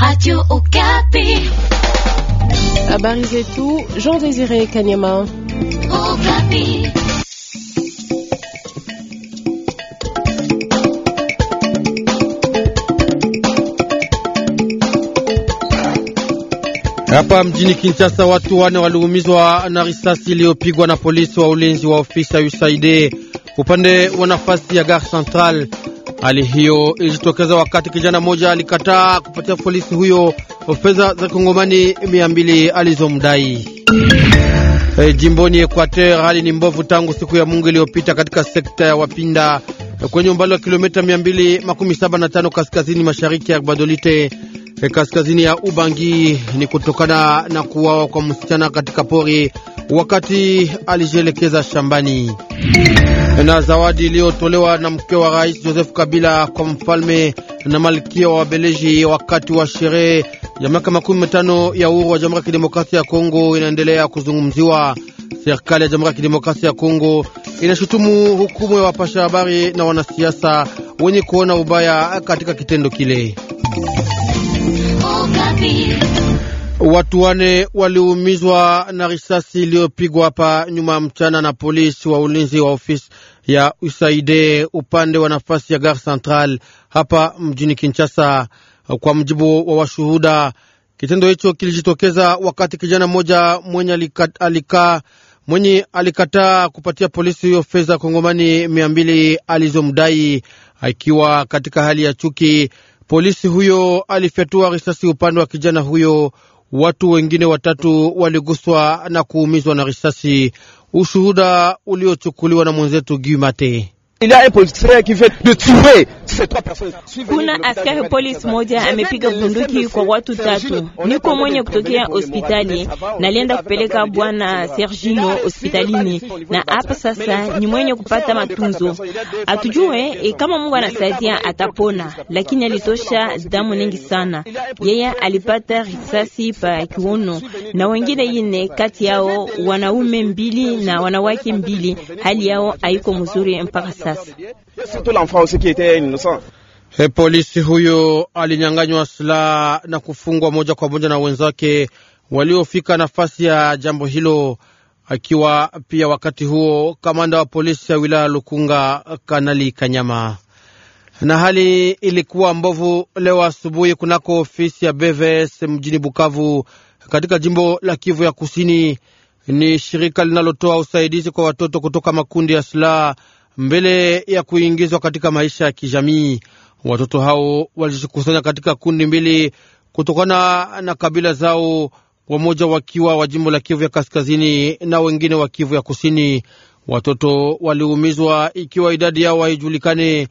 Radio Okapi. Habari Jean Désiré Kanyama. Okapi. Hapa mjini Kinshasa watu wane waliumizwa na risasi iliyopigwa na polisi wa ulinzi wa ofisi ya USAID upande wa nafasi ya Gare Centrale. Hali hiyo ilijitokeza wakati kijana mmoja alikataa kupatia polisi huyo fedha za kongomani mia mbili alizomdai. E, jimboni Equateur hali ni mbovu tangu siku ya Mungu iliyopita katika sekta ya Wapinda kwenye umbali wa kilomita 275 kaskazini mashariki ya Gbadolite e, kaskazini ya Ubangi. Ni kutokana na kuwawa kwa msichana katika pori wakati alijielekeza shambani na zawadi iliyotolewa na mke wa rais Joseph Kabila kwa mfalme na malkia wa Wabeleji wakati wa sherehe ya miaka makumi matano ya uhuru wa Jamhuri ya Kidemokrasia ya Kongo inaendelea kuzungumziwa. Serikali ya Jamhuri ya Kidemokrasia ya Kongo inashutumu hukumu ya wapasha habari na wanasiasa wenye kuona ubaya katika kitendo kile. Watu wane waliumizwa na risasi iliyopigwa hapa nyuma ya mchana na polisi wa ulinzi wa ofisi ya USAID upande wa nafasi ya Gare Central hapa mjini Kinshasa. Kwa mjibu wa washuhuda, kitendo hicho kilijitokeza wakati kijana mmoja mwenye alikataa alika, mwenye alikataa kupatia polisi hiyo fedha kongomani mia mbili alizomdai akiwa katika hali ya chuki. Polisi huyo alifyatua risasi upande wa kijana huyo watu wengine watatu waliguswa na kuumizwa na risasi, ushuhuda uliochukuliwa na mwenzetu Guimate. Kuna askari polisi moja amepiga bunduki kwa watu tatu. Niko mwenye kutokea hospitali, nalienda kupeleka bwana Sergino hospitalini, na hapa sasa ni mwenye kupata matunzo. Atujue e, eh, kama Mungu anasaidia atapona, lakini alitosha damu nyingi sana. Yeye alipata risasi pa kiuno, na wengine ine kati yao wanaume mbili na wanawake mbili. Hali yao haiko mzuri mpaka sasa sasa. He, polisi huyo alinyang'anywa silaha na kufungwa moja kwa moja na wenzake waliofika nafasi ya jambo hilo, akiwa pia wakati huo kamanda wa polisi ya wilaya Lukunga, Kanali Kanyama. Na hali ilikuwa mbovu leo asubuhi kunako ofisi ya BVS mjini Bukavu katika jimbo la Kivu ya Kusini. Ni shirika linalotoa usaidizi kwa watoto kutoka makundi ya silaha mbele ya kuingizwa katika maisha ya kijamii. Watoto hao walijikusanya katika kundi mbili kutokana na kabila zao, wamoja wakiwa wa jimbo la Kivu ya kaskazini na wengine wa Kivu ya kusini. Watoto waliumizwa ikiwa idadi yao haijulikani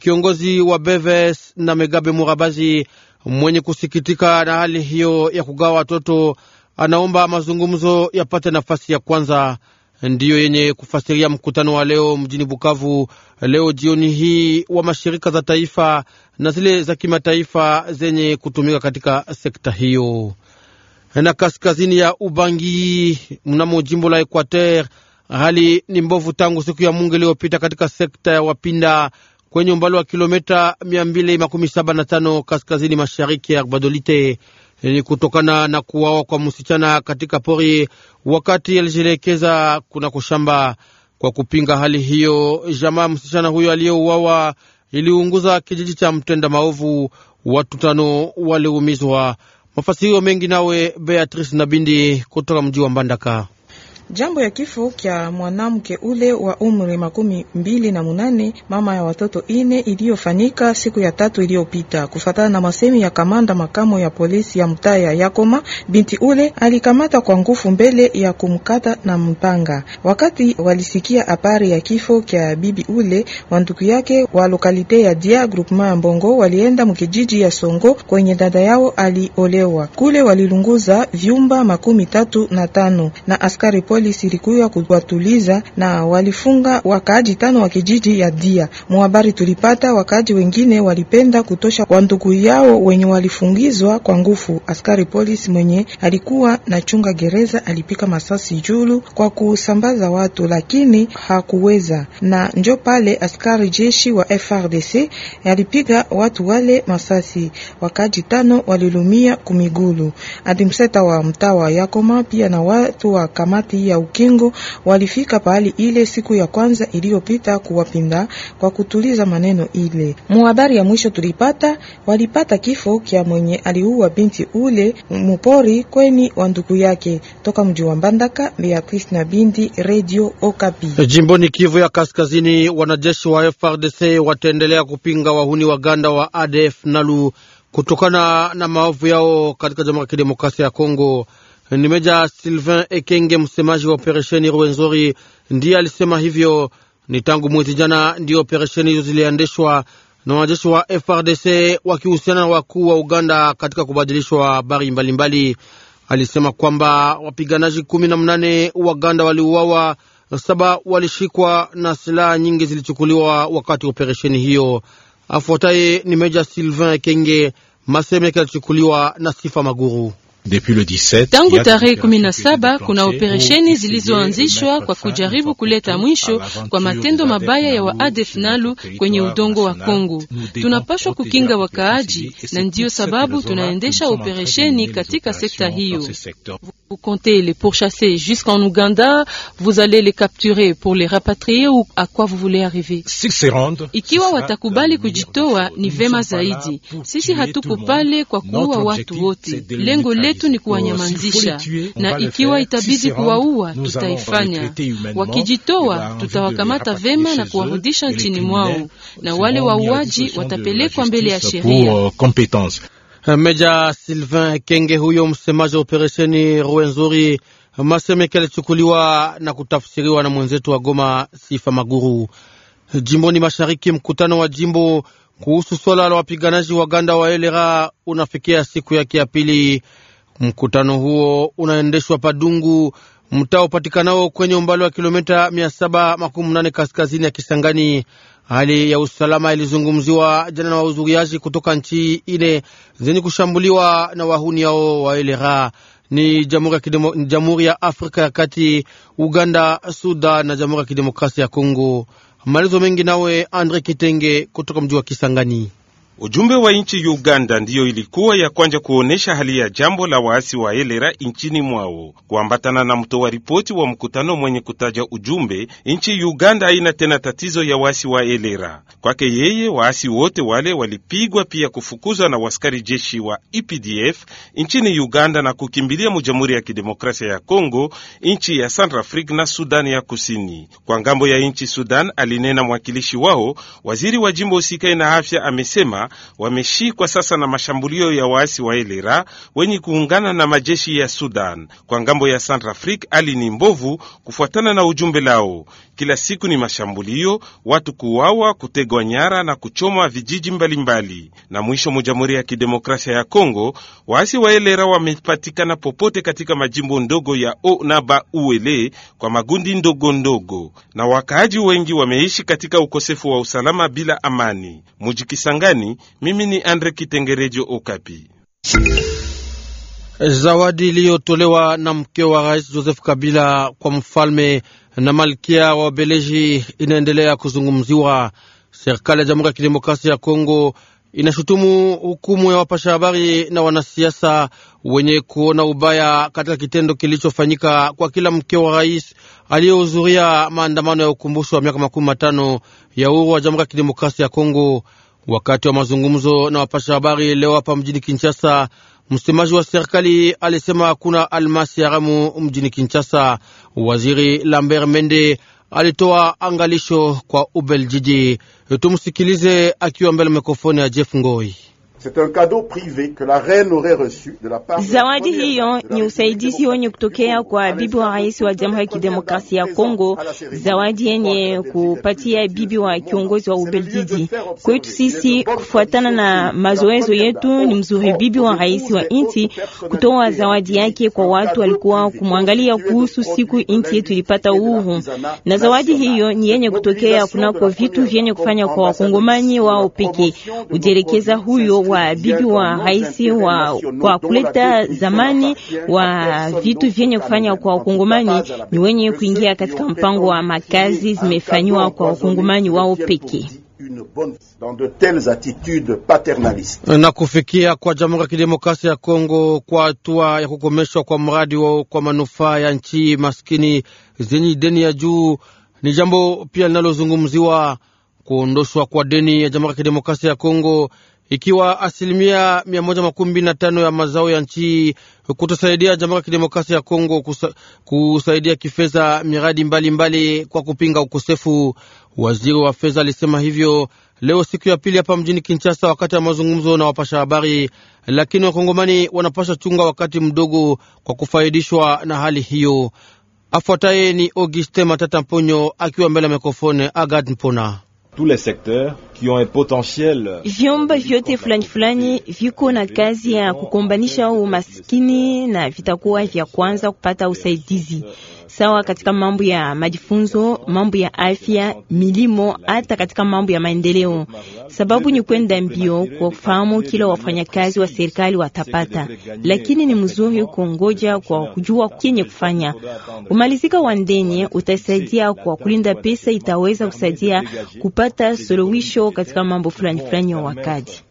Kiongozi wa Beves na Megabe Murabazi mwenye kusikitika na hali hiyo ya kugawa watoto anaomba mazungumzo yapate nafasi ya kwanza ndiyo yenye kufasiria mkutano wa leo mjini Bukavu, leo jioni hii, wa mashirika za taifa na zile za kimataifa zenye kutumika katika sekta hiyo. Na kaskazini ya Ubangi mnamo jimbo la Equateur, hali ni mbovu tangu siku ya Mungu iliyopita katika sekta ya Wapinda kwenye umbali wa kilometa 275 kaskazini mashariki ya Badolite ni kutokana na kuwawa kwa msichana katika pori wakati alijielekeza kuna kushamba. Kwa kupinga hali hiyo, jamaa msichana huyo aliyeuawa iliunguza kijiji cha mtenda maovu, watu tano waliumizwa. Mafasirio mengi nawe Beatrice Nabindi kutoka mji wa Mbandaka. Jambo ya kifo kya mwanamke ule wa umri makumi mbili na munane mama ya watoto ine iliyofanyika siku ya tatu iliyopita, kufatana na masemi ya kamanda makamo ya polisi ya mtaa ya Yakoma, binti ule alikamata kwa nguvu mbele ya kumkata na mpanga. Wakati walisikia habari ya kifo kya bibi ule wa yake wa lokalite ya Dia groupement ya Mbongo, walienda mkijiji ya Songo kwenye dada yao aliolewa. Kule walilunguza vyumba makumi tatu na tano na askari kweli silikuya kuwatuliza na walifunga wakaaji tano wa kijiji ya Dia. Mwabari tulipata wakaaji wengine walipenda kutosha kwa ndugu yao wenye walifungizwa kwa nguvu. Askari polisi mwenye alikuwa na chunga gereza alipika masasi julu kwa kusambaza watu, lakini hakuweza, na njo pale askari jeshi wa FRDC alipiga watu wale masasi. Wakaaji tano walilumia kumigulu. Adimseta wa mtawa Yakoma pia na watu wa kamati ya ukingo walifika pahali ile siku ya kwanza iliyopita kuwapinda kwa kutuliza maneno ile. Muhabari ya mwisho tulipata walipata kifo kya mwenye aliua binti ule mupori kweni wa ndugu yake toka mji wa Mbandaka. Beatrice na Bindi, Radio Okapi. Jimboni Kivu ya Kaskazini, wanajeshi wa FRDC wataendelea kupinga wahuni Waganda wa ADF NALU kutokana na maovu yao katika Jamhuri ya Kidemokrasia ya Kongo ni meja Sylvain Ekenge, msemaji wa operesheni Rwenzori, ndiye alisema hivyo. Ni tangu mwezi jana ndio operesheni hizo ziliendeshwa na wanajeshi wa FRDC wakihusiana na wakuu wa Uganda katika kubadilishwa habari mbalimbali. Alisema kwamba wapiganaji kumi na mnane Waganda waliuawa, saba walishikwa na silaha nyingi zilichukuliwa wakati wa operesheni hiyo. Afuataye ni Meja Sylvain Ekenge, maseme yake yalichukuliwa na Sifa Maguru. Tangu tarehe kumi na saba kuna operesheni zilizoanzishwa kwa kujaribu kuleta mwisho kwa matendo mabaya ya waadef nalu kwenye udongo wa Kongo. Tunapashwa kukinga wakaaji, na ndiyo sababu tunaendesha operesheni katika sekta hiyo. Vous comptez les pourchasser jusqu'en Uganda, vous allez les capturer pour les rapatrier ou à quoi vous voulez arriver? Ikiwa watakubali euh, kujitoa ni vema zaidi. Sisi hatuko pale kwa kuua watu wote, lengo letu ni kuwanyamazisha, na ikiwa itabidi kuwaua tutaifanya. Wakijitoa eh tutawakamata vema na kuwarudisha nchini mwao, na wale wauaji watapelekwa mbele ya sheria. Euh, Meja Sylvain Kenge, huyo msemaji wa operesheni nzuri masemeke alichukuliwa na kutafsiriwa na mwenzetu wa Goma Sifa Maguru. Jimboni mashariki, mkutano wa jimbo kuhusu swala la wapiganaji wa ganda wa elera unafikia siku yake ya pili. Mkutano huo unaendeshwa Padungu, mtaa upatikanao kwenye umbali wa kilomita 7 kaskazini ya Kisangani. Hali ya usalama ilizungumziwa jana na wahudhuriaji kutoka nchi ine zenye kushambuliwa na wahuni hao wa elera ni Jamhuri ya Afrika ya Kati, Uganda, Sudan na Jamhuri ya Kidemokrasia ya Kongo. Malizo mengi nawe Andre Kitenge kutoka mji wa Kisangani. Ujumbe wa nchi Uganda ndiyo ilikuwa ya kwanza kuonyesha hali ya jambo la waasi wa elera nchini mwao. Kuambatana na mtoa ripoti wa mkutano mwenye kutaja ujumbe, nchi Uganda haina tena tatizo ya waasi wa elera. Kwake yeye, waasi wote wale walipigwa pia kufukuzwa na waskari jeshi wa EPDF nchini Uganda na kukimbilia mu Jamhuri ya Kidemokrasia ya Kongo, nchi ya Centrafrique na Sudani ya Kusini. Kwa ngambo ya nchi Sudan, alinena mwakilishi wao, waziri wa jimbo usikai na afya amesema wameshikwa sasa na mashambulio ya waasi wa Elera wenye kuungana na majeshi ya Sudan kwa ngambo ya Centrafrique. Hali ni mbovu kufuatana na ujumbe lao. Kila siku ni mashambulio, watu kuuawa, kutegwa nyara na kuchoma vijiji mbalimbali mbali. Na mwisho mu Jamhuri ya Kidemokrasia ya Kongo waasi wa Elera wamepatikana popote katika majimbo ndogo ya O na Ba Uele kwa magundi ndogo ndogo, na wakaaji wengi wameishi katika ukosefu wa usalama bila amani. Mujikisangani mimi ni Andre Kitenge, Radio Okapi. Zawadi iliyotolewa na mke wa rais Joseph Kabila kwa mfalme na malkia wa Beleji inaendelea kuzungumziwa. Serikali ya Jamhuri ya Kidemokrasia ya Kongo inashutumu hukumu ya wapasha habari na wanasiasa wenye kuona ubaya katika kitendo kilichofanyika kwa kila mke wa rais aliyehudhuria maandamano ya ukumbusho wa miaka makumi matano ya uhuru wa Jamhuri ya Kidemokrasia ya Kongo. Wakati wa mazungumzo na wapasha habari leo hapa mjini Kinshasa, msemaji wa serikali alisema hakuna almasi haramu mjini Kinshasa. Waziri Lambert Mende alitoa angalisho kwa Ubeljiji. Tumsikilize akiwa mbele mikrofoni ya Jeff Ngoi. C'est un cadeau privé que la la reine aurait reçu de part Zawadi hiyo ni usaidizi wenye kutokea kwa bibi wa rais wa Jamhuri ya Kidemokrasia ya Kongo, zawadi yenye kupatia bibi wa kiongozi wa Ubeljiji. Kwetu sisi, kufuatana na mazoezo yetu, ni mzuri bibi wa rais wa inti kutoa zawadi yake kwa watu walikuwa kumwangalia kuhusu siku inti yetu ilipata uhuru, na zawadi hiyo ni yenye kutokea kunako vitu vyenye kufanya kwa wakongomani wao pekee. Ujerekeza huyo wa wa bibi wa rais wa kwa kuleta zamani wa vitu vyenye kufanya kwa wakongomani ni wenye kuingia katika mpango wa makazi zimefanywa kwa wakongomani wao peke. na kufikia kwa Jamhuri ya Kidemokrasia ya Kongo kwa hatua ya kukomeshwa kwa mradi wao kwa manufaa ya nchi maskini zenye deni ya juu ni jambo pia linalozungumziwa. Kuondoshwa kwa deni ya Jamhuri ya Kidemokrasia ya Kongo ikiwa asilimia mia moja makumi na tano ya mazao ya nchi kutasaidia Jamhuri ya Kidemokrasia ya Kongo kusa, kusaidia kifedha miradi mbalimbali mbali kwa kupinga ukosefu. Waziri wa fedha alisema hivyo leo siku ya pili hapa mjini Kinshasa wakati wa mazungumzo na wapasha habari, lakini wakongomani wanapasha chunga wakati mdogo kwa kufaidishwa na hali hiyo. Afuataye ni Auguste Matata Mponyo akiwa mbele ya mikrofone Agad Mpona tous les secteurs qui ont un potentiel. Euh, Vyomba vyote fulani fulani viko na kazi ya kukombanisha umaskini na vitakuwa vya kwanza kupata usaidizi sawa katika mambo ya majifunzo, mambo ya afya, milimo, hata katika mambo ya maendeleo. Sababu ni kwenda mbio kwa kufahamu kila wafanyakazi wa serikali watapata, lakini ni mzuri kuongoja kwa kujua kenye kufanya. Umalizika wa ndenye utasaidia kwa kulinda pesa, itaweza kusaidia kupata suluhisho katika mambo fulani fulani ya wakati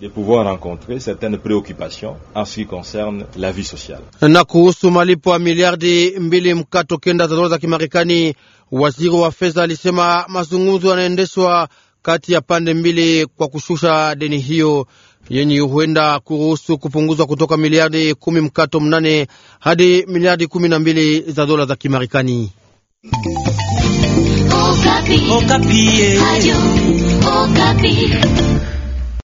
de pouvoir rencontrer certaines préoccupations en ce qui concerne la vie sociale. Na kuhusu malipo ya miliardi mbili mkato kenda za dola za Kimarekani, waziri wa fedha alisema mazungumzo yanaendeshwa kati ya pande mbili kwa kushusha deni hiyo yenye huenda kuruhusu kupunguzwa kutoka miliardi kumi mkato mnane hadi miliardi kumi na mbili za dola za Kimarekani. Okapi. Okapi. Eh.